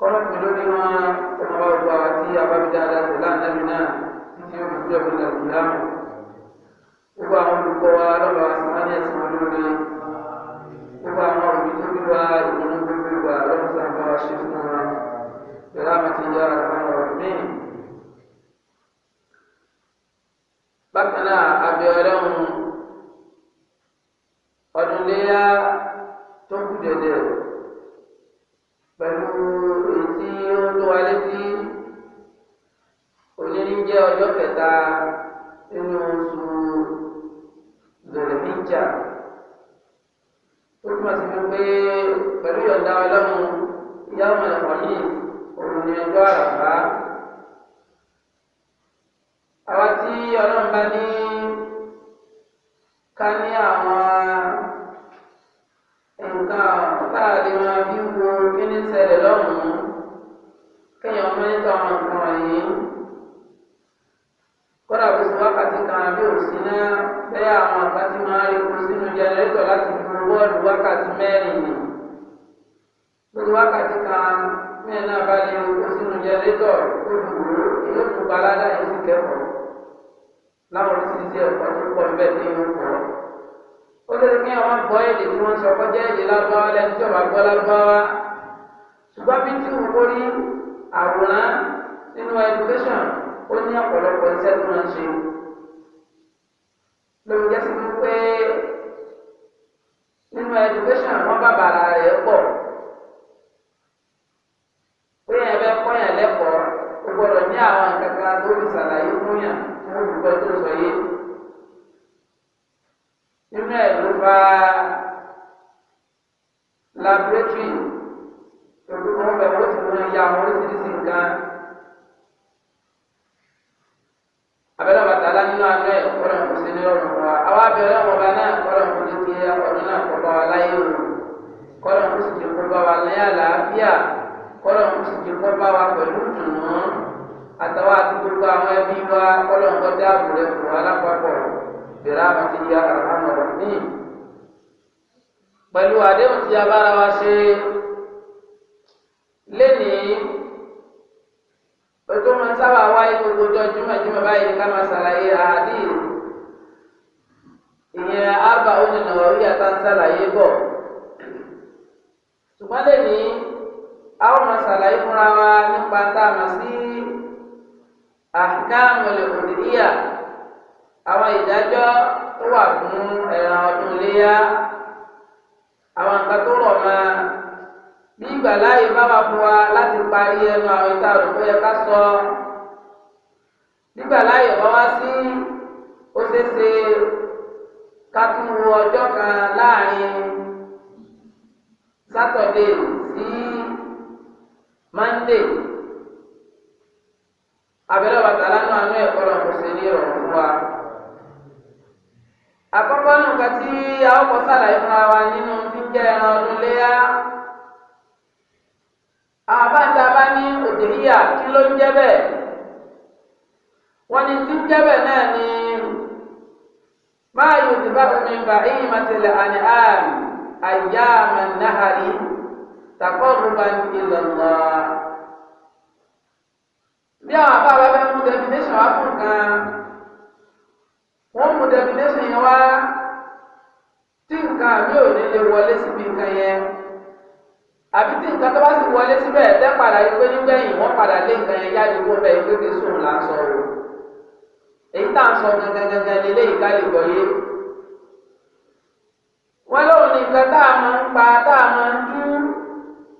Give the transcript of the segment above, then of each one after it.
kọ́mọ̀tì lórí wọn ọmọ ọgbà àti abábídá aláṣẹ láńdẹ́mí náà tí ó fi jẹ́ òkúta ìgbìyàmù wọ́ọ̀lù wákàtí mẹ́rin ni lórí wákàtí kan mẹ́rin náà bá lè o sínú jẹnrétọ̀ olùwò yóò tún gba aládàá yìí sì kẹ́kọ̀ọ́ láwọn oríṣiríṣi ẹ̀kọ́ tó pọ̀ níbẹ̀ ní ìlú pọ̀ ó lè ní àwọn gbọ́ èdè tí wọ́n sọ kọjá èdè lágbáwá lẹ́nu tí ọba gbọ́ lágbáwá ṣùgbọ́n bí tí wọ́n rí àwòrán nínú education ó ní ọ̀pọ̀lọpọ̀ iṣẹ́ tí wọ́n ń ṣe lórí jẹ́sí pé nínú education wọn bá bàrà rẹ̀ pọ̀ pé yẹn bẹ kọ́ yẹn lẹ́kọ̀ọ́ o gbọ́dọ̀ ní àwọn nǹkan kan tó fi ṣàlàyé fún yàn fún olùkọ́ tó sọ yé nínú ẹ̀ ló bá laboratory pẹ̀lú wọn bẹ wọ́n ti wọn ya àwọn oríṣiríṣi nǹkan. abẹ́rẹ́ bàtà lá nínú àná ẹ̀ kọ́ra kò sí ní ọ̀rùn wa àwa abẹ́rẹ́ ọmọ bá náà kọ́ra kò pé ọdún náà kó bá wa láyé o kọ́lọ̀ ń sì jẹ́ kó bá wa láyé àlàáfíà kọ́lọ̀ ń sì jẹ́ kó bá wa pẹ̀lú ìdùnnú àtàwọn àti gbogbo àwọn ẹbí wa kọ́lọ̀ ń kọ́ dáàbò rẹ̀ fún wa lápapọ̀ bẹ̀rẹ̀ àwọn ti di àràmọ̀ rẹ̀ ní. pẹ̀lú àdéhùn tí a bára wa ṣe lénìí ojú máa ń sábà wáyé gbogbo ọjọ́ jùmọ̀jùmọ̀ báyìí ká máa ṣàlàyé àdéhùn ìyẹn arba oní nàwárí àtàǹsàlàyé bọ̀ ṣùgbọ́n lè ní àwọn máa ṣàlàyé fúnra wa nípa tá a mọ̀ sí àdáàmọ̀lẹ̀ òdìríyà àwọn ìdájọ́ tó wà fún ẹ̀ràn ọdún léyà àwọn nǹkan tó rọ̀ mọ́ bí ìgbà láàyè bá wà fún wa láti parí ẹnu àwọn ìta òdòdó yẹ ká sọ nígbà láàyè bá wá sí ó ṣeé ṣe ká tún mú ọjọ́ kan láàrin sátọ̀dé sí mándé abẹ́rẹ́ bàtà lánàá àánú ẹ̀kọ́ lọ kò sí ní ìrọ̀rùn fún wa. àkọ́kọ́ nǹkan tí a ó sàlàyé fúnra wa nínú jíjẹ́ ẹran ọdún léyà àbáta bá ní òdìríyà kí ló ń jẹ́ bẹ́ẹ̀ wọ́n ní tí ń jẹ́ bẹ́ẹ̀ náà ni. ما يذبح من بهيمة الأنعام أيام النهر تقربا إلى الله bí àwọn àbá wa bẹ mú definition wá fún kan wọn mú definition yẹn wá tí nǹkan mi ò ní lè wọlé síbi nǹkan yẹn àbí tí nǹkan tó bá sì wọlé síbẹ̀ tẹ́ padà yí pé nígbẹ̀yìn wọ́n padà lé nǹkan yẹn yá ìdíwọ́ bẹ́ẹ̀ gbégbé sóun là ń sọ̀rọ̀. èyí tá à ń sọ gangan nílé ìkálẹ̀ gbọ̀yé wọn lóun ní nǹkan tá a máa ń pa tá a máa ń dú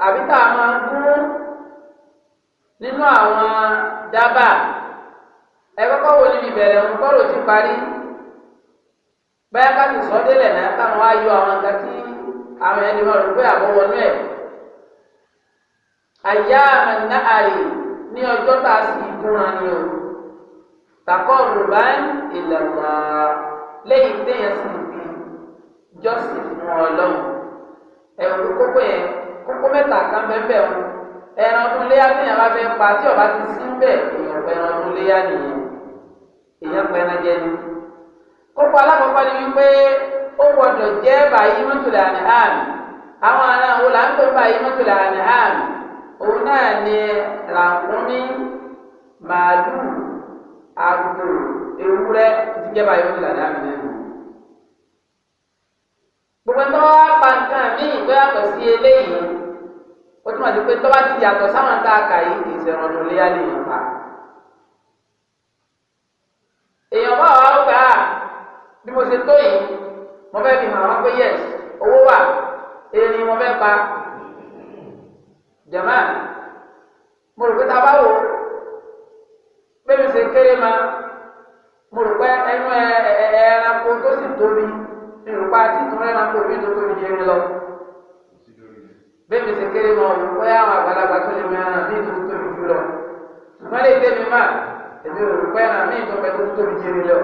àbí tá a máa ń nínú àwọn dábà ẹ wo ti parí báyà ká sọ náà táwọn á yọ àwọn nǹkan tí àwọn ẹni wọn rò pé àyà àmàlà àrè ní tá a sì o. taqarruban ila Allah lẹ́yìn téèyàn sì fi jọ́sìn fún Ọlọ́run ẹ̀wọ̀n kókó yẹn kókó mẹ́ta kan bẹ́ẹ̀ ẹran ọdún léyà téèyàn bá fẹ́ pa tí ọba ti sí bẹ́ẹ̀ èèyàn pẹ̀lú ọdún léyà nìyẹn èèyàn pẹ̀lú jẹ́ ni kókó alákọ̀ọ́kọ́ ni wípé ó gbọ́dọ̀ jẹ́ bàyí mọ́tòlá ní àmì àwọn ará wo là ń pè bàyí mọ́tòlá ní àmì òun náà ni ràkúnmí màálù àgùntò ewúrẹ́ ti jẹ́ báyìí ní làdá mi lẹ́nu. gbogbo ẹni tó wá pa nǹkan míì tó yàtọ̀ sí eléyìí ó túmọ̀ sí pé tó bá ti yàtọ̀ sáwọn tá a kà yìí kì í ṣe ọ̀nà léyà lè yàn pa. èèyàn bá wà ó gbà á bí mo ṣe tó yìí mo fẹ́ fi hàn wọ́n pé yẹ́s owó wà erin mo fẹ́ pa jẹ̀mọ́ mo rò pé ta bá wò ó bẹ́ẹ̀ mi ṣe kéré ma mo rò pé ẹnu ẹranko tó sì tóbi mi rò pé àti ìtúnrẹ́ ẹranko mi tó tóbi yẹn lọ bẹ́ẹ̀ mi ṣe kéré ma mo pé àwọn àgbàlagbà tó lè mẹ́ràn mi tó tóbi jù lọ ṣùgbọ́n lè dé mi má èmi rò pé ẹran mi tó bẹ tó tóbi yẹn lọ.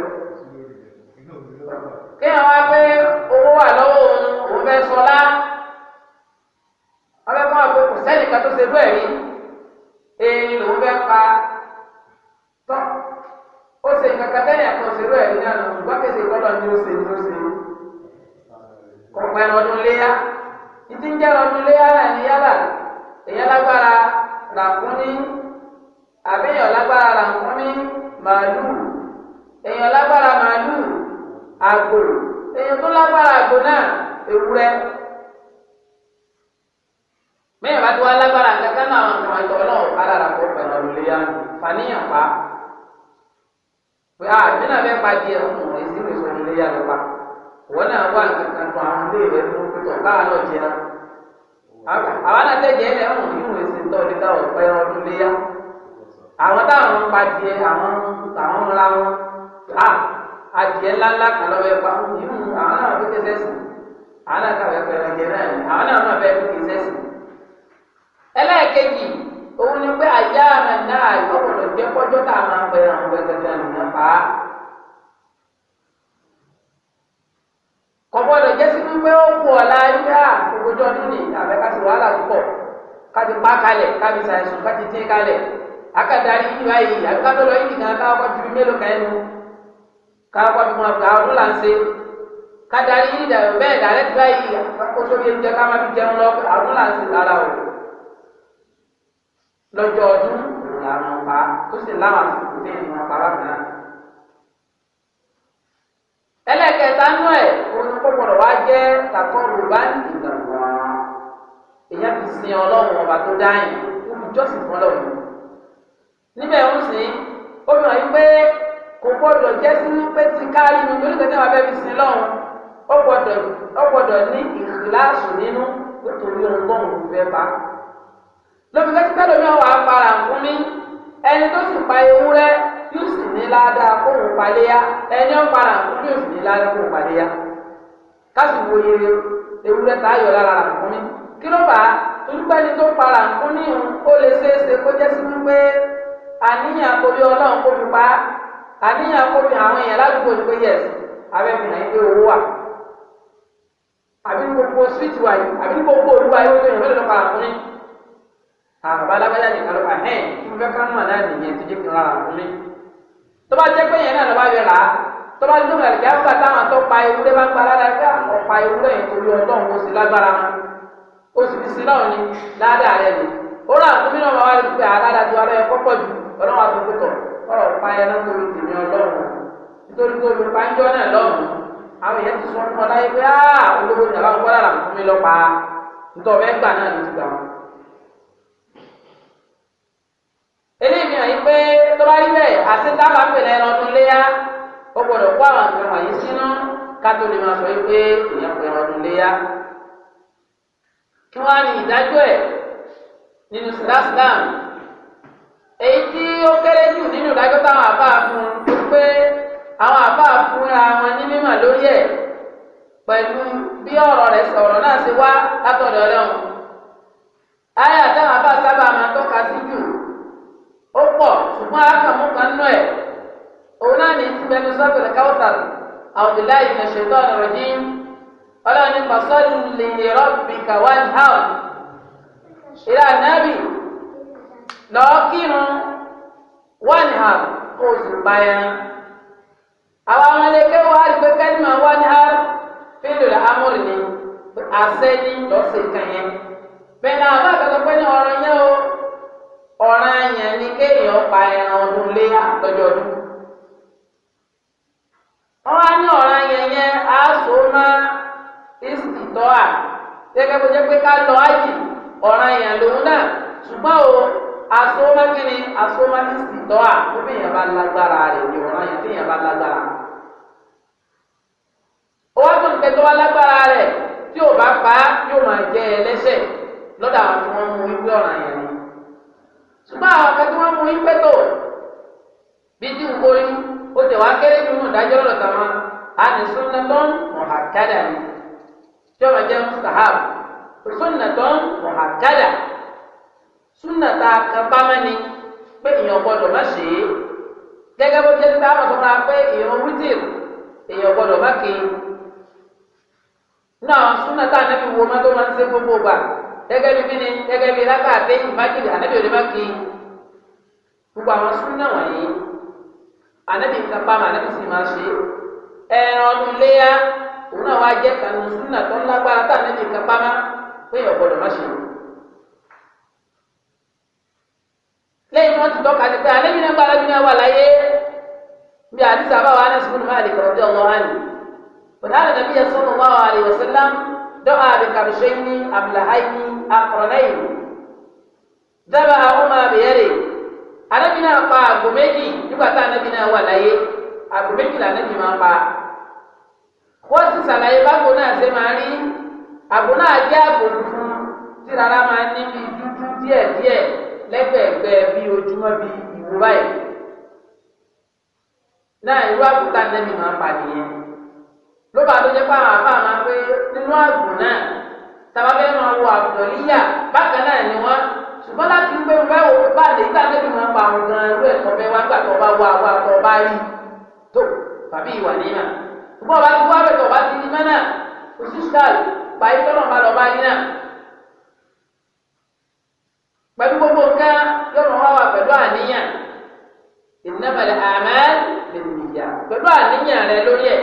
kọjọ́ tá a máa ń pẹ́ àwọn gbẹgbẹgbẹ nìyẹn pa á. kọ̀bọ́dọ̀ jẹ́ o wípé ó kú ọ̀la yíyá ògbójọ́ nínú àbẹ́ ká sì wàhálà púpọ̀ ká ti pa kalẹ̀ ká fi ṣàìsùn ká ti dín kalẹ̀ akadari yìí báyìí àbí ká tó lọ yìí nìkan ká wá ju mélòó kan ẹnu ká wá ju wọn gbà ọdún là ń ṣe kadari yìí dàbẹ̀ bẹ́ẹ̀ dàrẹ́ ti báyìí kótó yẹn jẹ ká má fi jẹun lọ ọdún là ń ṣe lára o lọ́jọ́ ọdún pa tó sì láwọn àsìkò tí èèyàn máa para mìíràn. ẹlẹ́kẹta nú ẹ̀ òun kó gbọ́dọ̀ wá jẹ́ takọ́rù bá ń dìgbà wá èèyàn fi sin ọlọ́run ọba tó dáyìn olùjọ́sìn fún ọlọ́run níbẹ̀ ń sìn ó mọ̀ wípé kò gbọ́dọ̀ jẹ́ sínú pé ti kárí mi torí kẹ́kẹ́ wàá bẹ́ẹ̀ fi sin lọ́run ó gbọ́dọ̀ ní ìkìláàsù nínú nítorí ohun tó ń fẹ́ bá lóbi kẹ́kẹ́ lómi ọ̀wà para ń fún mi ẹni tó sì pa ewúrẹ́ yóò sì ní ládàá kó òun paléyà ẹni ó para àkókò yóò sì ní ládàá kó òun paléyà káṣí wo ye ewúrẹ́ tá a yọ lára àkúnmí kí ló bá olùgbẹ́ni tó para àkúnmí ó lè ṣeéṣe kó jẹ́ sí wípé àníyàn kò bí ọlọ́run kó fi pa àníyàn kó fi àwọn èèyàn ládùúgbò ní pé yẹs abẹ́fìnà yìí pé owó wà àbí gbogbo síìtì wáyé àbí gbogbo olúwa yóò tó yàn mẹ́lẹ̀ àbá alágbádá nìkan ló wà hẹ́n tí mo fẹ́ ká mọ̀ náà nìyẹn tó jẹ́ kí n rárá fún mi. tó bá jẹ́ pé yẹn náà ló bá yọ rà á tó bá dúró lálẹ́ kí á bá táwọn tó pa ewúrẹ́ bá ń pa lára kí àwọn pa ewúrẹ́ yẹn torí ọlọ́run ó sì lágbára wọn ó sì fi sílá òní ládàá rẹ̀ ni ó rà fún mi náà wá rí pé àládà tí wàá lọ́yẹ kọ́kọ́ ju ọlọ́run àtúntò ọ̀rọ̀ pa ẹ náà torí tèmi ọlọ́run nítorí tó fi pàǹjọ́ náà lọ́run àwọn èèyàn ti sọ fún ọ láyé pé áà olówó ìjàmbá ń kọ́ náà ló eléyìí fi hàn yí pé tó bá rí bẹ́ẹ̀ àti dábàá ń pèlè ẹran ọdún léyà ó gbọdọ̀ kó àwọn nǹkan wọ̀nyí sínú kátó lè máa sọ yí pé èèyàn pè ẹran ọdún léyà kí wọ́n á ní ìdájọ́ ẹ̀ nínú sílásílám èyí tí ó kéré jù nínú ìdájọ́ táwọn àbá fún pé àwọn àbá fúnra wọn ní mímọ̀ lórí ẹ̀ pẹ̀lú bí ọ̀rọ̀ rẹ̀ sọ̀rọ̀ náà ṣe wá látọ̀dọ̀ ọlọ́run ayé àtàwọn àbá sábà máa tọ́ka sí jù ó pọ̀ ṣùgbọ́n àkàmú kan nú ẹ̀ òun náà ní ti bẹnu sọ́kùnrin káwọ́tàlù àwùjọlá ìgbà ṣètò ọ̀rọ̀ jí ọlọ́run ní pàṣọ́lù lè rọ́bì kàwọn hàn ìlà nábì lọ́ọ́ kírun wọ́n hàn kó o sì pa ẹran àwọn ọmọ ẹlẹgbẹ́ wa gbé kẹ́lìmọ̀ wọ́n hàn fílù làámúrì ni àṣẹ ni lọ́sẹ̀ kàn yẹn bẹ́ẹ̀ náà bá àgbàdo pé ní ọ̀rọ̀ yẹn o. ọ̀ràn àyàn ah, ni kéèyàn pa ẹran ọdún lé lọ́jọ́ ọdún. wọ́n ní ọ̀ràn àyàn yẹn á so má à gẹ́gẹ́ bó jẹ́ pé ká lọ ájì ọ̀ràn àyàn lòun náà ṣùgbọ́n o àsomá kínní àsomá ìsìtọ́ à fún èèyàn bá lágbára rẹ̀ ọ̀ràn tí èèyàn bá lágbára. ó wá tó nǹkan tó wá lágbára rẹ̀ tí ò bá pa yóò máa jẹ lọ́dà ṣùgbọ́n àwọn akẹ́kọ̀ọ́ tí wọ́n mú yín pẹ́tọ̀ bí tí ń borí ó tẹ̀ wá kéré nínú ìdájọ́ ọ̀rọ̀ tàwọn á ní sunnatun muhakkada ni tí ọmọ jẹ́ mustahab sunnatun muhakkada sunnata kábámá ni pé èèyàn gbọ́dọ̀ má ṣe é gẹ́gẹ́ bó ṣe ń bá àwọn sọ́kra pé èèyàn wítìr èèyàn gbọ́dọ̀ má kéé náà sunnata anábì wo má máa ń ṣe gbogbo gbà gẹ́gẹ́ bí kíni gẹ́gẹ́ bí rákà àti ìmájìlì ànábì òde máa kí gbogbo àwọn súnà wọ̀nyí ànábì nǹkan pa mà ànábì sì máa ṣe ẹran ọdún léyà òun náà wá jẹ́ kànú súnà tó lágbára tá ànábì nǹkan pa má pé ọ̀gbọ́dọ̀ má ṣe. lẹ́yìn tí wọ́n ti tọ́ka sí pé ànábì náà gba ànábì náà wà láyé bí àdìsá bá wà ní sùkúlù máa lè kọ̀ ọdún ọlọ́wọ́ àná. Bùnà àlọ́ nàbí yẹn sọ́nù wá wà àlè wọ̀ sílám dọ́ àbíkàbíṣẹ́ ní àbùlà áyí akọrọlẹyìn dábàá àwọn máa bẹ̀rẹ̀ anabi pa àgbò méjì nígbà tá anabi wà láyé àgbò méjì là pa wọ́n ti sàlàyé bágbó náà ṣe ma rí àgbò náà jẹ́ àgbò tuntun tí rárá máa ní bí dúdú díẹ̀díẹ̀ lẹ́gbẹ̀ẹ́gbẹ́ anabi pa ló àwọn pé nínú náà. tàbábẹ́ máa wọ àbùdọ̀líyà bákan náà ni wọ́n ṣùgbọ́n láti pé báwo bá lè gbà débi máa pa àwọn gan irú ẹ̀kọ́ bẹ́ẹ̀ wá gbà tó bá wọ àwọn àtọ̀ bá rí tó tàbí ìwà níyà ṣùgbọ́n ọba ti wá bẹ̀ tó bá ti ní mẹ́nà oṣù sáàlì pàì tọ́nà bá lọ bá yín pẹ̀lú gbogbo nǹkan yọ̀rọ̀ wá wà pẹ̀lú àníyàn ìnábàlẹ̀ àmẹ́ lèmìyà pẹ̀lú àníyàn rẹ lórí ẹ̀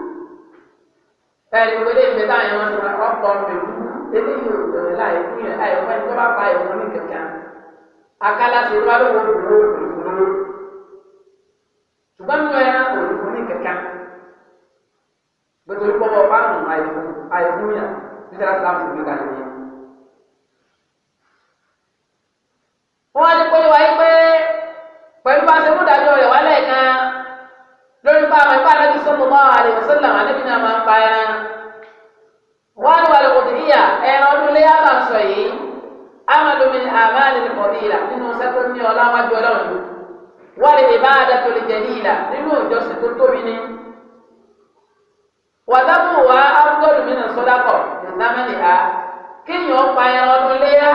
ẹni wọlé ìgbẹ́ táwọn yẹn wọn sọ wọn pọ̀ pẹ̀lú ebi yìí ò tẹ̀lé láyé fún yẹn ayọ̀ fún ẹni tó bá pa ìwọ̀n ní kẹ̀kẹ́ akálá ti wá ló wọ́n dúró dúró ṣùgbọ́n nínú ẹran kò ní fún ní kẹ̀kẹ́ gbẹdọ̀ ìpọ̀ wọn bá nù ayọ̀ fún yẹn títí láti láti fi kalẹ̀ yẹn. wọ́n á ní pé wáyé pé pẹ̀lú bá ṣe mú anabi sallallahu alaihi wasallam anabi náà máa ń pa ẹran wọn ni wàlẹ kòtìlíyà ẹran ọdún léyà bá ń sọ yìí amadu min amali kọdìlà nínú sẹtọ ní ọláwájú Ọlọ́run wàlẹ ìbáàdà tó lè jẹlí ìlà nínú ìjọsìn tó tóbi ní. wàdàbù wa arúgbọ́dù mi nà sọ́dàkọ̀ ha kéèyàn pa ẹran ọdún léyà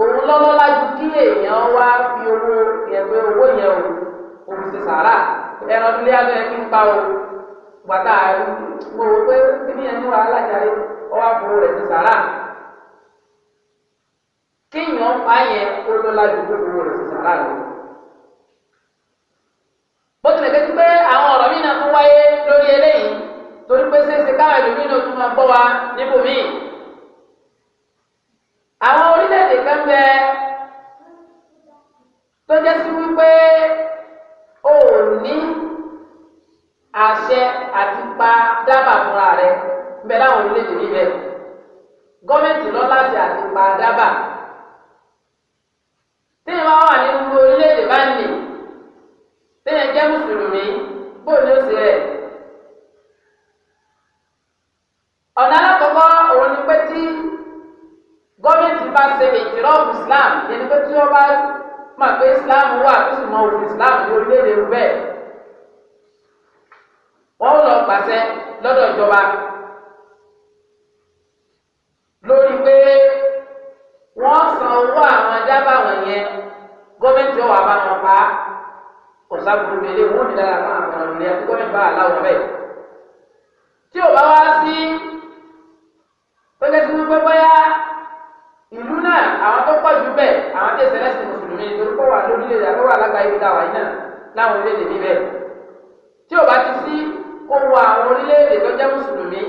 òun lọ́lọ́lá ju kí èèyàn wá fi owó yẹn pé owó yẹn o òun ti sàrà ẹran tó léyà lóye kí n pa o gbàtà mo rò pé kíní yẹn ní wàhálà jáde ọwọ́ àbúrò rẹ̀ ti sàrà kéèyàn pa yẹn ó lọ́la ju pé owó rẹ̀ ti sàrà lọ. bó tilẹ̀ kẹ́sí pé àwọn ọ̀rọ̀ mi náà tún wáyé lórí eléyìí torí pé ṣéṣe káwọn ẹlòmíín náà tún máa gbọ́ wa níbòmíì. àwọn orílẹ̀-èdè kan bẹ tó jẹ́ sí wípé. ní àṣẹ àti pa dábà fúnra rẹ̀ ń bẹ láwọn orílẹ̀-èdè níbẹ̀ lọ láti àti pa dábà téèyàn bá wà ní gbogbo orílẹ̀-èdè bá ń lè jẹ́ mùsùlùmí bóun ni ó rẹ̀. ọ̀nà alákọ̀ọ́kọ́ òun ni pé tí gọ́ọ̀mẹ̀ntì bá ṣe Islam pé tí wọ́n bá máa pé islam wà tó sì mọ òfin islam ní orílẹ̀-èdè bẹ́ẹ̀ wọ́n lọ gbàṣẹ lọ́dọ̀ ìjọba lórí pé wọ́n san owó àwọn ajábá wọ̀nyẹn gọ́ọ̀mẹ̀ntì ọ̀wà bá wọn pa ọ̀sàbùrù mi lé wọ́n ní dára fún àwọn ọ̀nà ìlẹ̀ àti gọ́ọ̀mẹ̀ntì bá aláwọ̀ bẹ́ẹ̀ tí ò bá wá sí pẹ́kẹ́tì wípé bóyá. mùsùlùmí torí kó wà lórílẹ̀ àbí wà lágbàáyé bí táwa yìí náà láwọn orílẹ̀-èdè níbẹ̀ tí o bá ti sí ohun àwọn orílẹ̀-èdè tó jẹ́ mùsùlùmí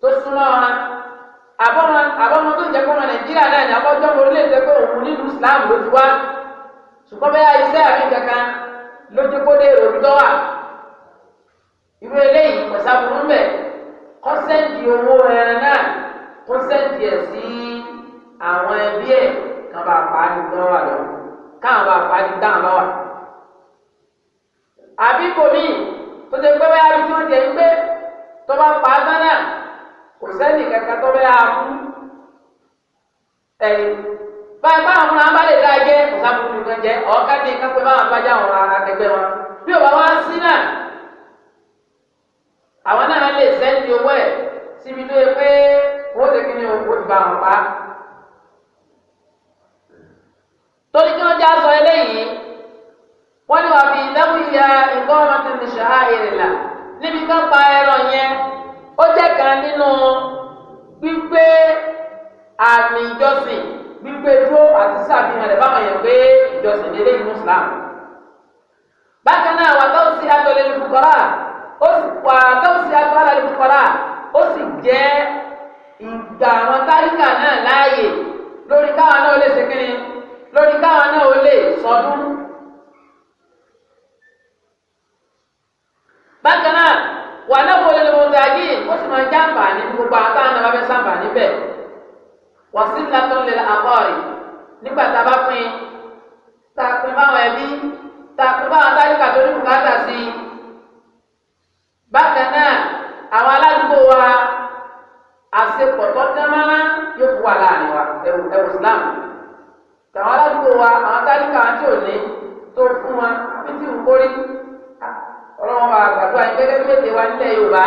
tó súnmọ́ wọn àbọ̀mọ́ àbọ̀mọ́ tó jẹ́ kọ́mọ nàìjíríà náà ní abọ́jọ́ orílẹ̀-èdè pé òun nílùú islam ló ti wá ṣùgbọ́n bẹ́ẹ̀ iṣẹ́ àmì kankan lójú kó dé òdútọ́ wà irú eléyìí pẹ̀sàbùrú ń bẹ̀ kọ́sẹ́ǹtì owó ẹran náà kọ́sẹ́ǹtì ẹ̀ sí àwọn ẹbí ẹ̀ kàn bá pa á ní tí wọ́n wà lọ káwọn bá pa á ní táwọn bá wà. àbí bòmí tó ṣe pé báyà bí tí wọ́n jẹ́ ń gbé tó bá pa á gánà kò sẹ́ni kankan tó bẹ́ yà fún ẹ̀yìn. báyìí báwọn fúnra bá lè dá jẹ́ kò sábà fún nǹkan jẹ́ ọ̀ọ́ká ní kápẹ́ báwọn abájá àwọn akẹgbẹ́ wọn bí ò bá wá sí náà àwọn náà lè sẹ́ni owó ẹ̀ síbi tó yẹ pé wọ́n ti kí ni wọn pa á. torí kí wọ́n já sọ eléyìí wọ́n ní wàá fi ìdáwìyà ìgbọ́ràn ti ti ṣe àìrìlà níbi kan pa ẹran yẹn ó jẹ́ kan nínú gbígbé àmì ìjọsìn gbígbé dúró àti sàfihàn rẹ̀ báwọn yẹn pé ìjọsìn lélẹ́ ìlú Islam. bákan náà wà tó sí atọ́lẹ̀ lùkọ́lá ó sì wà tó sí atọ́lẹ̀ lùkọ́lá ó sì jẹ́ ìgbà àwọn táríkà náà láàyè lórí káwọn náà lè ṣe kínní lórí káwọn náà ó lè sọdún. bákan náà wà náà wọlé lọ́wọ́ ta yìí ó sì máa jáǹbà ní gbogbo àtàwọn náà bá fẹ́ sáǹbà níbẹ̀ wà sí ńlá tó ń lè àkọ́ọ̀rì nígbà tá a bá pín tá a pín báwọn ẹbí tá pín báwọn táyíkà tó ní bùkátà sí i bákan àwọn aládùúgbò wa àṣepọ̀ tó mọ́lá yóò fún wa láàrin wa ẹ̀wù ẹ̀wù tàwọn aládùúgbò àwọn tálíkà àti òní tó fún wa bí tí ń kórí ọlọ́wọ́n wa gbàdúrà gẹ́gẹ́ bí èdè wa nílẹ̀ Yorùbá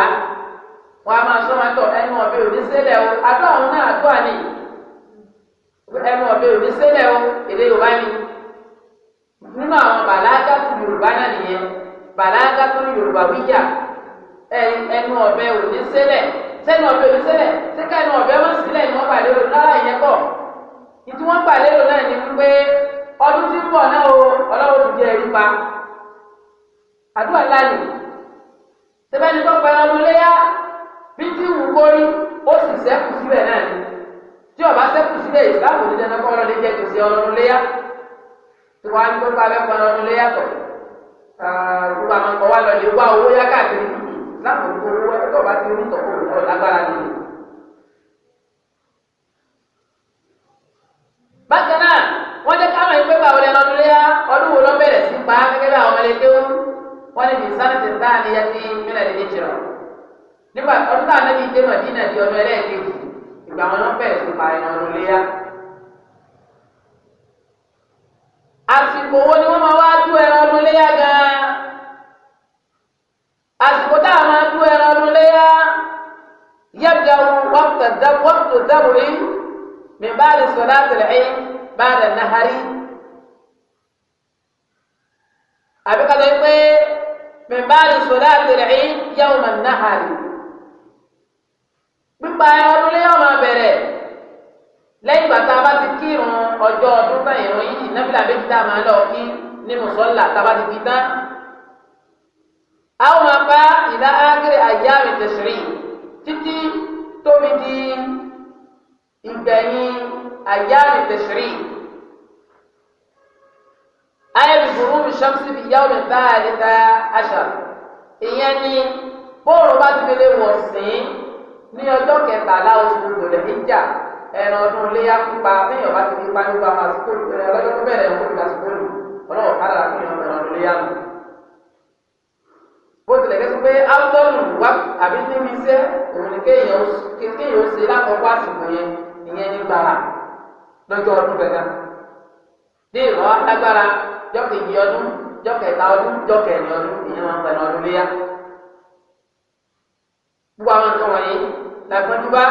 wọn a máa sọ máa tọ ẹnu ọbẹ òní sílẹ̀ o àdó àwọn náà àdó àní ẹnu òní sílẹ̀ o èdè Yorùbá ni nínú àwọn bàlágà tó Yorùbá náà nìyẹn bàlágà tó Yorùbá wíyà ẹnu ọbẹ òní sílẹ̀ sẹ́nu òní sílẹ̀ ẹnu wọn sílẹ̀ ni ìtí wọ́n gbà lérò náà ni wípé ọdún tí ń bọ̀ náà o ọlọ́wọ́ ti jẹ ẹ̀rí pa àdúrà láàyè sẹ́bẹ́ni tó pẹ́ ọmọ léyà bí tí wù kórí ó sì sẹ́kù síbẹ̀ náà ni tí ọba sẹ́kù síbẹ̀ ìsìláàmù ní dandan kọ́ ọlọ́dún jẹ́ kò sí ọlọ́dún léyà tí wọ́n á ní kópa abẹ́ pọn ọlọ́dún léyà tọ̀ gbogbo àwọn ọkọ̀ wa lọ lè wá owó yá káàkiri láàmú owó ẹ̀ tó ọba ti rí tọ̀ kó lọ bákan náà wọ́n jẹ́ káwọn ìpè bá wọlé ọdún léyà ọdún wo ló bẹ̀rẹ̀ sí pa gẹ́gẹ́ bí àwọn ọmọdé kéwú wọ́n ní bìsánì ti tá àníyá ti mílẹ̀ ní níjìrọ̀ nígbà ọdún táwọn ẹbí dé mọ̀dínà di ọdún ẹlẹ́ẹ̀kejì ìgbà wọn ló bẹ̀rẹ̀ sí pa ẹ̀nà ọdún léyà. àsìkò wo ni wọ́n máa wá dú ẹran ọdún léyà gan-an àsìkò táwọn máa dú ẹran ọdún léyà yẹ́bùdà wọ́pùtà dábùrí. من بعد صلاة العين بعد النهر àbí ká من بعد صلاة العين يوم النهر من ọdún lé ọmọ abẹrẹ lẹ́yìn ìgbà tá a bá ti kírun ọjọ́ ọdún báyìí ìrun yìí nábìlà méjì tá a máa lọ kí ní mùsọ́là tá a bá ti fi tán. àwọn máa bá ìdá ágírè àyà mi tẹ̀sírì títí tóbi di ìgbẹ̀yìn àyáàmì tẹ̀sírì. ayé mi burú mi ṣọ́ọ́sì bí ìyá omi bá a lè ta àṣà ìyẹn ni bóòrò bá ti fi lè wọ̀ sí ní ọjọ́ kẹtàlá oṣù Dhul-Hijja ẹran ọdún iléyà pípa bẹ́ẹ̀ ọba ti fi parí gba àwọn àsìkò ọlọ́jọ́ tó bẹ̀rẹ̀ ẹ̀kọ́ ìgbà àsìkò lù ọlọ́wọ́ kára fún ìyàn ọmọ ẹran iléyà nù. bó tilẹ̀ kẹ́sí pé áwùtọ́nù wá àbí níbi iṣẹ́ òun ni kéèyàn ó ṣe lákọ̀ọ́kọ́ àsìkò yẹn ìyẹn ní gbàrà lọ́jọ́ ọdún gẹ́gẹ́ ní ìrọ̀ lágbára jọ́kè yìí ọdún jọ́kè ẹ̀ta ọdún jọ́kè ẹ̀yìn ọdún ìyẹn máa ń pẹ̀lú ọdún léyà gbogbo àwọn nǹkan wọ̀nyí làgbọ́dúbá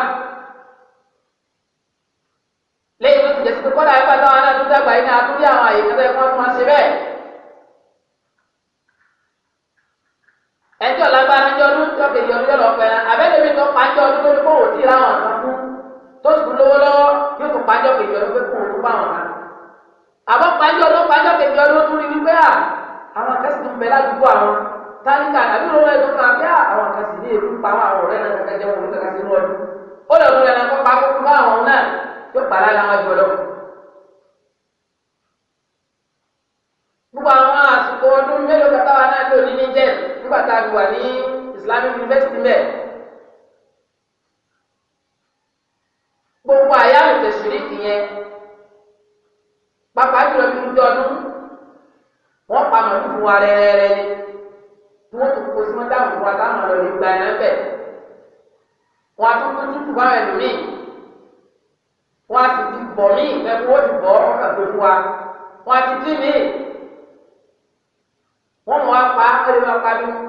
ó lè máa pariwo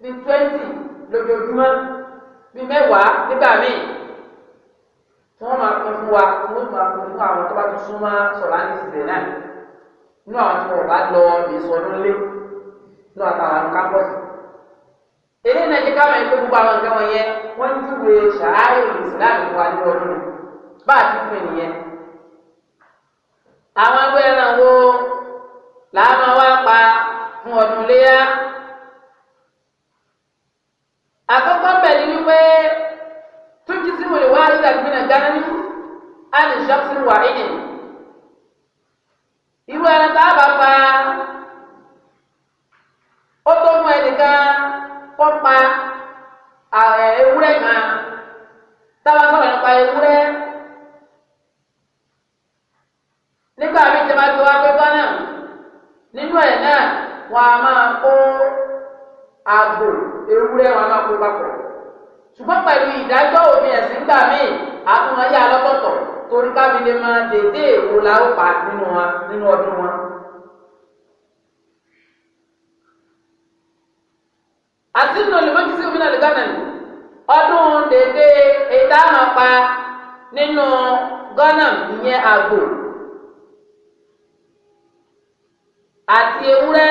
bíi twenty lójoojúmọ́ bíi mẹ́wàá nígbà míì tí wọ́n máa pín fún wa tí wọ́n máa pín fún àwọn tó bá tún súnmọ́ sọ̀rọ̀ ní ìsìlẹ̀ náà nínú àwọn tí wọ́n bá lọ èso ọdún lé nínú àtàwọn kápọ́sì. èyí náà jẹ́ káwọn ẹgbẹ́ gbogbo àwọn nǹkan wọ̀nyẹn wọ́n ń júwe ṣàárẹ̀ ìsìláàmù wa ní ọdún bá a ti pín nìyẹn. àwọn agbẹ́rẹ́ náà wo làá máa wá pa fún akọkọ léyà. ni wípé túnjí sí wòlé wá sí àgbẹ̀ náà gánà wà a bá pa tó mú ẹnìkan kọpa kan nígbà a bá pé gánà nínú ẹ̀ náà. wọn a máa kó àgbò ewúrẹ́ wọn a máa kó papọ̀ ṣùgbọ́n pẹ̀lú ìdájọ́ òfin ẹ̀sìn gbà míì àtúnwáyé alọ́tọ̀tọ̀ torí kábí lè máa dédé èwo la ó pa nínú wọn nínú ọdún wọn. àti nínú olùmọ́jú sí òfin àlùkò àná ọdún dédé ètà máa pa nínú gánà ìyẹn àgbò àti ewúrẹ́.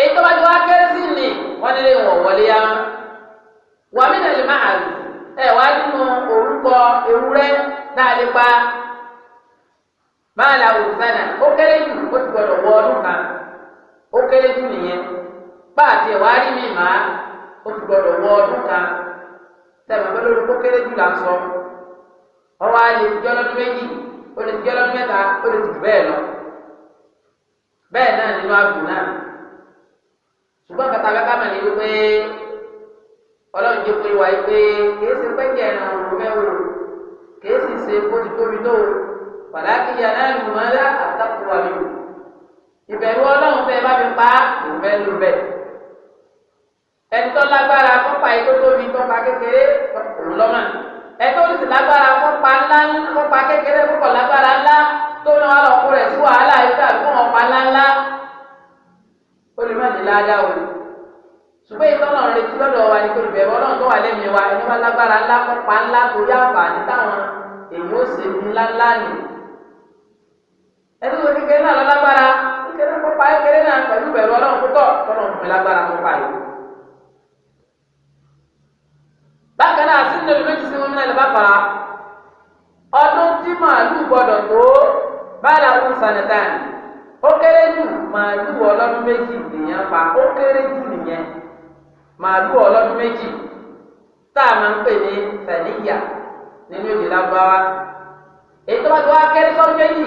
èyí tó bá ti wá ni wọ́n nílé wọn wọlé yá wà mí nàlẹ́ máa rí ẹ wá nínú orúkọ ewúrẹ́ náà ọgbọ pa máa la òrùsánà ó kéré jù ó ti gbọdọ̀ wọ ọdún kan ó kéré jù nìyẹn wá rí mi ó ti wọ ọdún kan lórí kó kéré jù là ṣùgbọ́n kàtà bẹ́ẹ̀ ká mọ̀ ní wípé ọlọ́run jẹ́ pé wà pé kìí ṣe pé kí ẹran òru mẹ́wòó kìí sì ṣe bó ti tóbi tó pàdákìyà náà lù mọ́ lá àtàkù wà lù ìbẹ̀rù ọlọ́run fẹ́ bá mi pa òun fẹ́ lù bẹ́ẹ̀ ẹni tó lágbára kó pa ikó tóbi tó pa kékeré òun ẹni tó sì lágbára kó pa ńlá kó pa kékeré kó kọ̀ lágbára ńlá tó náà lọ kó rẹ̀ sí wàhálà ìgbà tó wọn pa olùmọ̀nìláàdá o ṣùgbọ́n ìtọ́nà retí lọ́dọ̀ wa ni kò lè bẹ̀rẹ̀ ọlọ́run tó wà lẹ́mìí wa ẹni bá lágbára ńlá kópa ńlá torí àǹfààní táwọn èyí ó ṣe ní ńláńlá nì. ẹni tó kékeré náà lọ́lágbára kékeré kékeré náà pẹ̀lú ọlọ́run púpọ̀ tọ́nà òfin lágbára yìí. bákan náà sínú méjì sí wọn náà ọdún tí màálù gbọdọ̀ tó bá làwọn ó kéré jù màálù ọlọ́dún méjì nìyẹn pa ó kéré jù nìyẹn màálù ọlọ́dún méjì tá a máa ń pè ní sàníyà nínú èdè lágbáwá èyí tó bá ti wá kéré sọ́dún méjì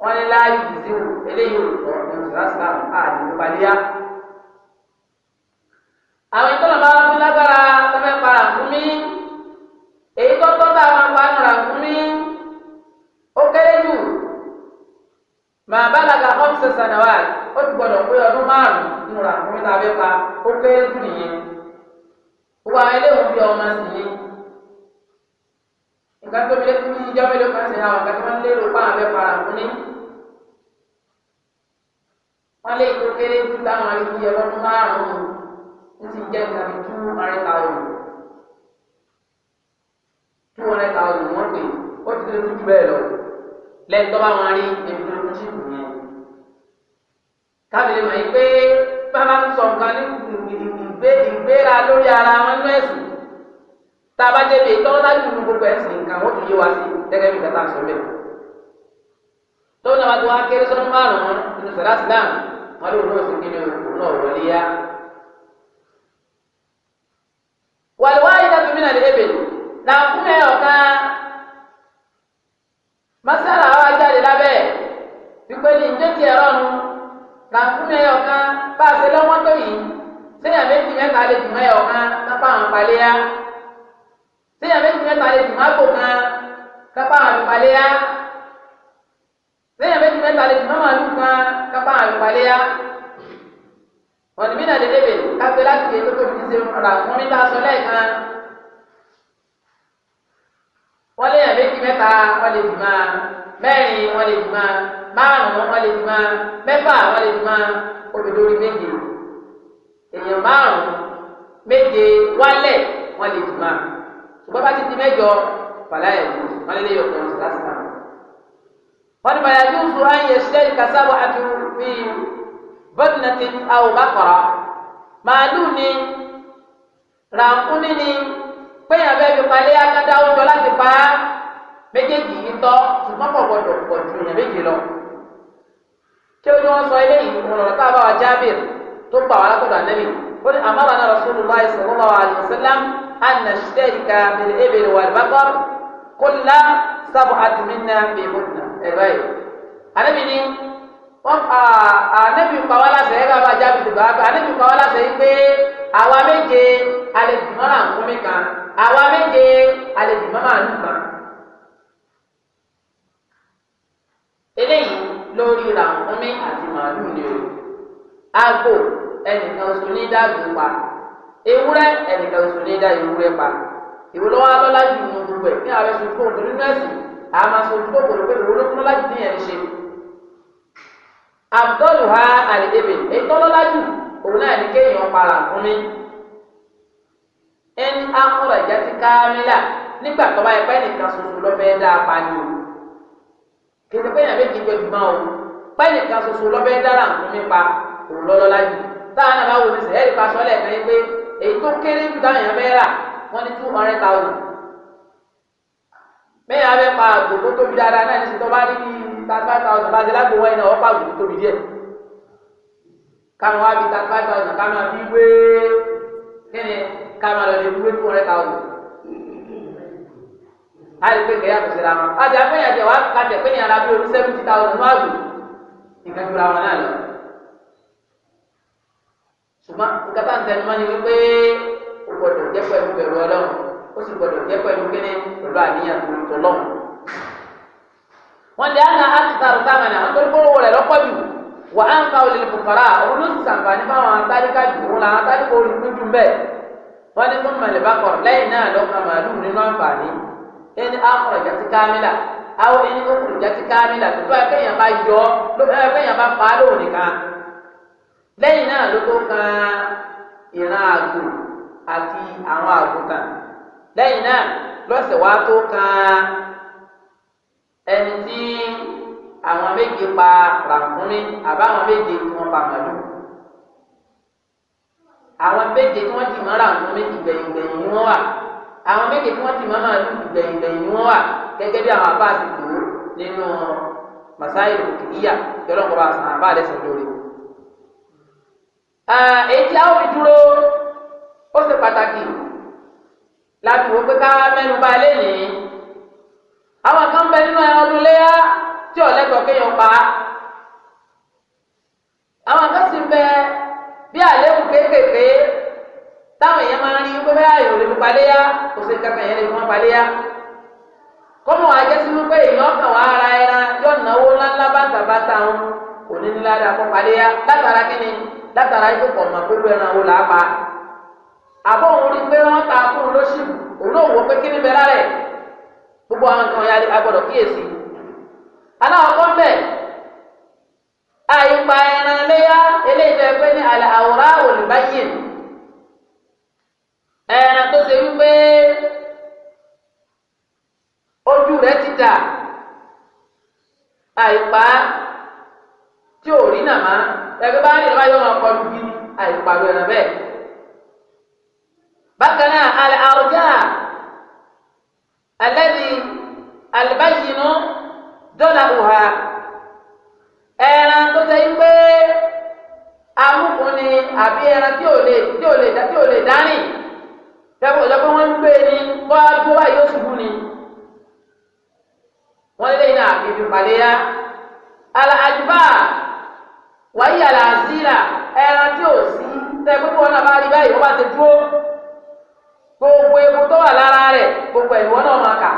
wọ́n ní láàyè ìdìsíwò eléyìí olùkọ́ ìrìnsàlásàm àdìmú balíyá. àwọn ìtọ́nà bá wọn fún lágbára lọ́fẹ́ para fúnmi èyí tó tọ́ tá a máa pa nùrà fúnmi ó kéré jù màá bá làgà hamsa sanawat ó ti gbọdọ̀ pé ọdún márùn-ún nínú ràkúnmí tá a fẹ́ pa ó kéré jù nìyẹn gbogbo àwọn eléwọ̀n bí ọmọ sì yé nǹkan tó lé fún ìjọ mélòó kan sí àwọn nǹkan tó ń lérò pa àbẹ para fún ní. wọ́n lé ìtò kéré jù táwọn arìnrìn yẹn lọ́dún márùn-ún ó sì jẹ́ nǹkan bí tú àrẹ tàwọn tú àrẹ tàwọn wọ́n pè ó ti lè dúdú bẹ́ẹ̀ lọ lẹ́yìn tó bá wọn rí èmi tó ṣì kù yẹn tábìlì mọ̀ yìí pé bàbá ń sọ nǹkan ní ìgbé ìgbéra lórí ara wọn ní ẹ̀sùn tá a bá débi ìtọ́ láti nu gbogbo ẹ̀sìn nǹkan wọ́n tún yé wa sí gẹ́gẹ́ bí kẹta sọ bẹ́ẹ̀. tó náà wá tó wá kéré sọ́dún márùn-ún nínú sọ̀rọ̀ islam wọn lóun náà sì kí ni òun náà wọlé yá. wàlúwà yìí dábì mí nàlẹ́ ebè nà fún ẹ ọ̀kan masala wa jáde lábẹ́ ìpè ní ìjẹ́ tiẹ̀ làǹkúmí ẹyọ kan bá a ṣe lọ́wọ́ tó yìí séèyàn méjì mẹ́ta lè jùmọ̀ ẹyọ kan kápá àwọn ìpàlẹ́yà séèyàn méjì mẹ́ta lè jùmọ̀ àpò kan kápá àwọn ìpàlẹ́yà séèyàn méjì mẹ́ta lè jùmọ̀ màálù kan kápá àwọn ìpàlẹ́yà ọ̀nìmínà lè débè kápẹ́ láti lè tó tóbi ṣe làǹkúmí tá a sọ lẹ́ẹ̀kan wọ́n léèyàn méjì mẹ́ta wọ́n lè jùmọ̀ mẹ́rin wọ́n lè jùmọ̀ márùn-ún wọ́n lè jùmọ̀ mẹ́fà wọ́n lè jùmọ̀ olùdórí méje èèyàn márùn-ún méje wálẹ̀ wọ́n lè jùmọ̀ ṣùgbọ́n bá ti di mẹ́jọ fàlàyé wọ́n lè yọ̀ kàn síláṣílá. wọ́n ní bàyà yóò sọ ayé ṣẹ́ ìkàsáwọ̀ àti fi bọ́dùnàtì àwọn bá kọ̀rọ̀ màálù ni ràǹkúnni ni péyàn bẹ́ẹ̀ fi palẹ́ akádáwọ́jọ láti pa á méjèèjì yìí tọ́ ṣùgbọ́n pọ̀ gbọdọ̀ pọ̀ ju èèyàn méje lọ. ṣé o ní wọ́n sọ eléyìí mo lọ̀rọ̀ tá a bá wa jábìr tó pa wàhálà tó dàn lẹ́mìí ó ní àmàlà náà Rasulullahi sallallahu alaihi wasallam àna ṣẹ́ríkà bil ibil wal baqar kulla sab'ati minna bi mudna ẹ̀ báyìí. àlẹ́bí ni wọ́n ẹ̀ bá jábìr tó eléyìí lórí ràkúnmí àti màálù ni o àgbò ẹnìkan oṣù ní dá àgbò pa ewúrẹ́ ẹnìkan oṣù ní dá ewúrẹ́ pa ìwé lọ́wọ́ alọ́lá jù nínú gbogbo ẹ̀ ní àwọn ẹ̀sùn tó ń tó nínú ẹ̀sìn àmà sọ̀rọ̀ tó kò ló pé ìwé olókùn lọ́lá jù ní ẹ̀ ń ṣe. àbúdọ́lù ha àlèdèbè ètò ọlọ́lá jù òun náà ní kéèyàn pa ràkúnmí ẹni akọ̀rọ̀ ìjà ti káámílà nígbà tó bá ẹgbẹ́ nìkan ṣoṣo lọ́fẹ́ dáa pa ni o kìtì pé yàn méjì jọ jùmọ̀ o pẹ́ẹ́nì kan ṣoṣo lọ́bẹ̀ dára nǹkan nípa òun lọ́lọ́lá jù táwọn náà bá wo ní sẹ́yìn pa sọ́lẹ̀ kan yín pé èyí tó kéré jù táwọn èèyàn fẹ́ rà wọ́n ní two hundred thousand bẹ́ẹ̀ abẹ́ pa àgbò tó tóbi dáadáa náà ní sèto bá rí ní thirty five thousand bá ti lágbo wáyé náà wọ́n pa àgbò tó tóbi díẹ̀ káwọn wá bí thirty five thousand káwọn bí wé kíni káwọn lọ àyè pé kẹyà kò síra wọn àti àpéyànjẹ wà kájẹ pé yàrá bí olú seventy thousand nù àgbò nǹkan jura wọn náà lọ. ṣùgbọ́n nǹkan tá à ń tẹnu mọ́ ni wípé o gbọ́dọ̀ jẹ́ pẹ̀lú bẹ̀rù ọlọ́run o sì gbọ́dọ̀ jẹ́ pẹ̀lú kíní pẹ̀lú àníyàn tó lọ́run. wọ́n lè àná àti tààrà táwọn náà wọ́n torí kóró rẹ̀ lọ́pọ̀ jù wà á ń fa olè fòkàrà òun ló sì sàǹfààní fáwọn atálíkà jù wọn làwọn atálíkà olùkúndùn bẹ́ẹ̀ wọ́n ní fún màlẹ́bàkọ̀ lẹ́yìn náà lọ́kàn màálù nínú àǹfààní ẹni akọrọjà ti kámílà àwọn ẹni okùnjà ti kámílà tó ẹ kéèyàn bá yọ ló ẹ kéèyàn bá pa á lóhùn nìkan lẹ́yìn náà ló tó kan ìran àgbò àti àwọn àgùntàn lẹ́yìn náà lọ́sẹ̀ wá tó kan ẹni tí àwọn méje pa ràkúnmí àbáwọn méje tí wọ́n pa màlúù àwọn méje tí wọ́n dì mọ́ ràkúnmí ìgbẹ̀yìngbẹ̀yìn ni wọ́n wà àwọn méje tí wọ́n ti máa lù gbẹ̀yìngbẹ̀yìn ni wọ́n wà gẹ́gẹ́ bí àwọn àbá àti kùrú nínú masáyì ìyá tọ́lọ́ kọ́ bá a sàn àbá àdẹ́sẹ̀ lórí. èyí tí a ó fi dúró ó ṣe pàtàkì láti wò pé ká mẹ́nu bà lẹ́yìn àwọn kan bẹ nínú ẹran ọdún léyà tí ọ̀lẹ́tọ̀ kéèyàn pa àwọn kan sì bẹ bí àléébù kéékèèké. táwọn èèyàn máa ń rí wípé bẹ́ẹ̀ yóò lè mú ya kò sí kankan yẹn lè mú paléyà kọ́mọ̀ wípé èèyàn wá ara ẹran yóò náwó ńláńlá bàtàbàtà ń kò ní ní ládàá kó paléyà látara kíni látara ikú pọ̀ pẹ̀lú ẹran wo àbọ̀ òun rí pé wọ́n ta fún un lóṣù òun náà pé gbogbo àwọn kan kíyèsí aláwọ̀ ẹran tó ṣe wípé ojú rẹ̀ ti dà àìpá tí ò rí nàmá ẹgbẹ́ bá rìn lọ́wọ́ yóò máa kọlu bí àìpàrọ̀ ẹ̀ràn bẹ́ẹ̀. bákan náà àrùjá ni dọ́là òhà ẹran tó ṣe wípé amúkùn ni àbí ẹran tí tí ò tẹ́kọ̀ ìjọba wọn ń gbé ni wọ́n á gbé báyìí ó ṣubú ni wọ́n lé ní àbíbi pàdé yá alàjùbá wàyí àlàzílà ẹran tí ò sí tẹ́kọ̀ wọn náà bá rí báyìí wọ́n bá ti dúró gbogbo ewu tó wà lára rẹ̀ gbogbo ìwọ náà máa kà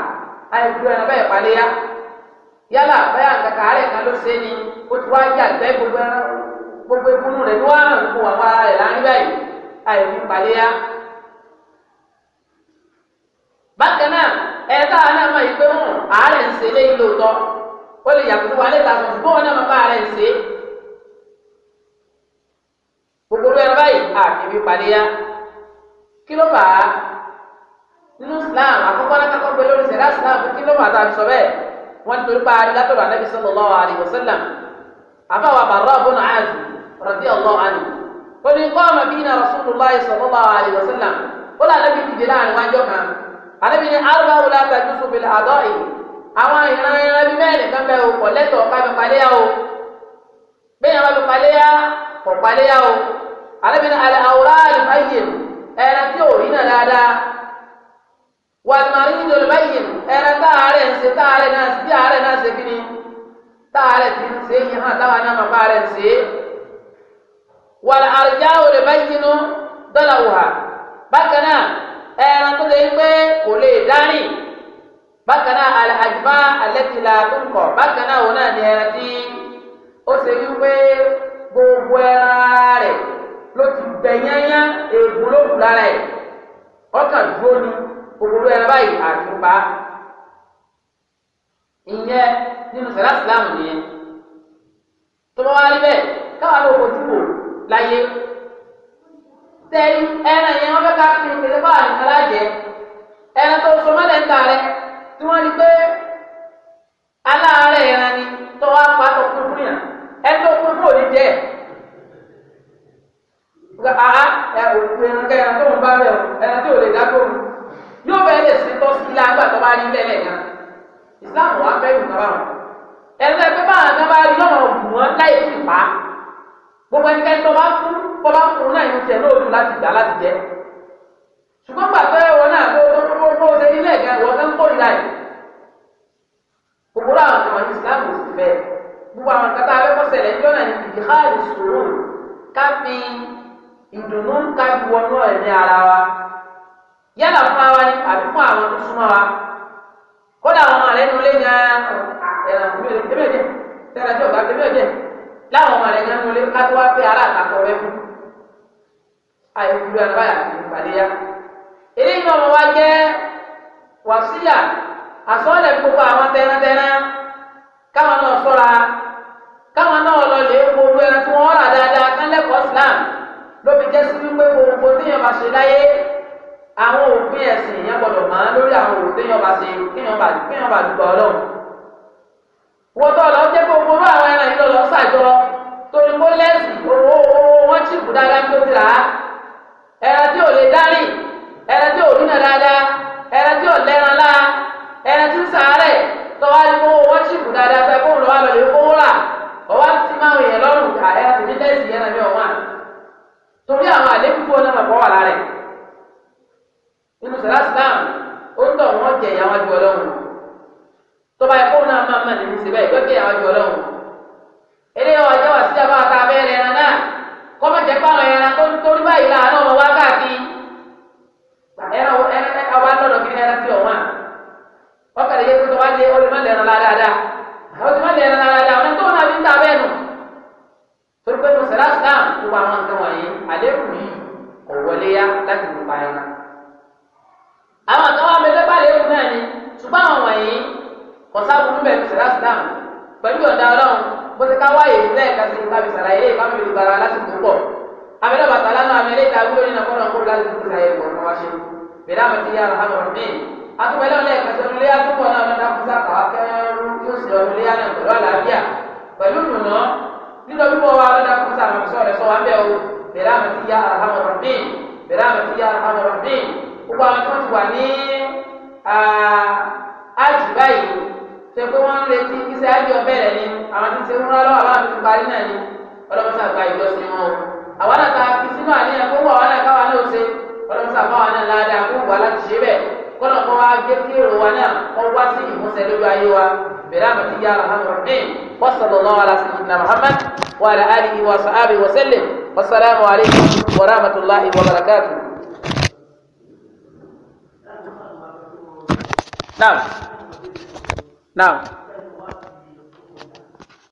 àìdúró ẹran bẹ́ẹ̀ pàdé yá yálà bẹ́ẹ̀ àgbàkà rẹ̀ kan ló ṣe ni ó ti wá yà gbẹ́ gbogbo ẹran gbogbo ewu nù rẹ̀ ló wà hàn kó wà rẹ̀ láńgbà yìí àìdúró pàdé yá bákan náà ẹ̀ẹ́dá náà máa yí pé hùn àárẹ̀ ń ṣe léyìn lóòótọ́ ó lè yàtọ̀ wálé ta sùn bóun náà máa bá àárẹ̀ ń ṣe gbogbo ẹ̀rọ báyìí àkèbí pàdé yá kí ló fà á nínú Islam àkọ́kọ́ náà kákọ́ pé lórí sẹ̀dá Islam kí ló fà á tàbí sọ bẹ́ẹ̀ wọ́n ti torí pa adilátọ̀rọ̀ anábì sallallahu alaihi wasallam àbáwá bàrọ̀ bọ́nà áàzì radiyallahu anhu ó ní kọ́ ọmọ bíi náà Rasulullahi sallallahu alaihi ó lọ anábì dìde láàrin kan àlebi ni arúgbó wula tajusu bil adọ́ì àwọn ìran ìran bíi mẹ́rin kan bẹ́ẹ̀ o kò lẹ́tọ̀ọ́ ká fi paléyà o bẹ́ẹ̀ yẹn wá fi paléyà kò paléyà o àlebi ni alẹ́ àwòrán àlùfáyè ẹ̀ràn tí ò rí náà dáadáa wàlùmárì ìdòlù báyìí ẹ̀ràn táàárẹ̀ ń ṣe táàárẹ̀ náà sí táàárẹ̀ náà ṣe kí ni ti ń ṣe yìí hàn táwa náà máa rẹ̀ ń ṣe wàlù àrùjá òlè báyìí nù dọ́là wà bákan náà ẹran tó lè pé kò lè dárìn bákan náà alhajjá alẹ́tìlá tó ń kọ̀ bákan náà òun náà ní ẹran tí ó ṣe wípé gbogbo ẹran rẹ̀ ló ti gbẹ̀yẹ́yẹ́ èègùn ló wù lára ẹ̀ ọkàn dúró ní òwúrọ̀ ẹran báyìí àtúpa ìyẹn nínú sàlásìlámù nìyẹn tó bá wá rí bẹ́ẹ̀ káwọn ló fojú láyé sẹ́yìn ẹran yẹn wọ́n fẹ́ ká fi òkèlè bá àyíká lájẹ ẹran tó so mọ́lẹ̀ ń ta rẹ tí wọ́n rí pé aláàárẹ̀ ẹran ni tó wá pa tó kún fún yàn ẹni tó kún fún òní jẹ́ àá ẹ òkú ẹran kẹ́ ẹran tó ń bá rẹ̀ o ẹran tí ò lè dá gbóhùn yóò bẹ́ẹ̀ lè sí tọ́ sí ilé àgbà tó bá rí lẹ́lẹ̀ náà ìsìláàmù wa fẹ́ ìrùn náà ẹ̀sẹ̀ pé báwọn kan bá rí lọ́wọ́ ògùn wọn láì sí pa gbogbo ẹnikẹ́ni tó bá fún bọ́lá fún un náà yóò tẹ̀ lóòdù láti gbà láti jẹ́ ṣùgbọ́n gbàgbé wọn náà kó kó kó ṣe ilé ẹ̀gá wọn kán kó ìlà yìí gbogbo àwọn ọmọ ìsìlámù sì fẹ́ gbogbo àwọn kata abẹ́kọ̀sẹ̀ lẹ́yìn ọ̀nà ìdíhàlì sòrò ká fi ìdùnnú ká fi wọnú ẹ̀mí ara wa yálà fún wa ni àbí fún àwọn tó súnmọ́ wa kódà àwọn ọ̀rẹ́ nu lé ní ẹ̀rọ ìbílẹ̀ tẹ́lẹ̀ jẹ́ tẹ́lẹ̀ jẹ́ ọ̀gá tẹ́lẹ̀ jẹ́ láwọn ọ̀rẹ́ nu lé ká tó wá pé aláàtàkọ̀ rẹ fún un. àìkúlù àgbáyà ìgbàléyà eléyìí náà wá jẹ́ wàsíyà àsọ̀lẹ̀ gbogbo àwọn tẹ́rẹ́tẹ́rẹ́ káwọn náà sọ́ra káwọn náà lọ lè gbogbo ẹran tí wọ́n rà dáadáa kánlẹ́kọ̀ọ́ Islam ló fi jẹ́ sí wípé gbogbo téèyàn bá ṣe láyé àwọn òfin ẹ̀sìn yẹn lórí àwọn òfin bá ṣe bá dùgbà ọlọ́run lọ jẹ́ gbogbo àwọn ẹran yìí torí kó lẹ́sìn owó owó wọ́n ẹran tí ò lè dárì ẹran tí ò rúnà dáadáa ẹran tí ò lẹ́ran lá ẹran tí ń sàárẹ̀ tọ́wá ní kó wọ́n ṣìkù dáadáa fẹ́ kóhùn lọ́wọ́ lọ́lẹ́ kó wúrà ọwọ́ ti máa wòye lọ́rùn ká ẹran tèmi lẹ́sìn yẹn nàbí ọ̀wọ́n torí àwọn àlékún kó náà bọ́ wà lára ẹ̀ nínú sàlásìláàmù ó ń tọ̀ wọ́n jẹ ìyàwó àjọ ọlọ́run tọ́ba ẹ̀kọ́ náà máa máa nìyí síbẹ̀ ìgbẹ́kẹ̀ ìyàwó àjọ ọlọ́run eléyàwó àjọ sí kọ́mọ jẹ́ pé àwọn ẹran tó ń torí báyìí láàárọ̀ ọmọ wá káàkiri ẹran ẹran àwa lọ́dọ̀ kí ni ẹran ti ọ̀wọ́n à ọkàn lè yẹ kó tó wá lé olè má lè ẹran dáadáa àwọn tó má lè ẹran dáadáa ọ̀nà tó náà fi ń ta bẹ́ẹ̀ nù torí pé mo sẹ̀lá sàm kó wa máa ń wọ̀nyí àlékún yìí kò wọlé yá láti mú pa ẹran. وسلم والسلام عليكم ورحمة الله وبركاته نعم نعم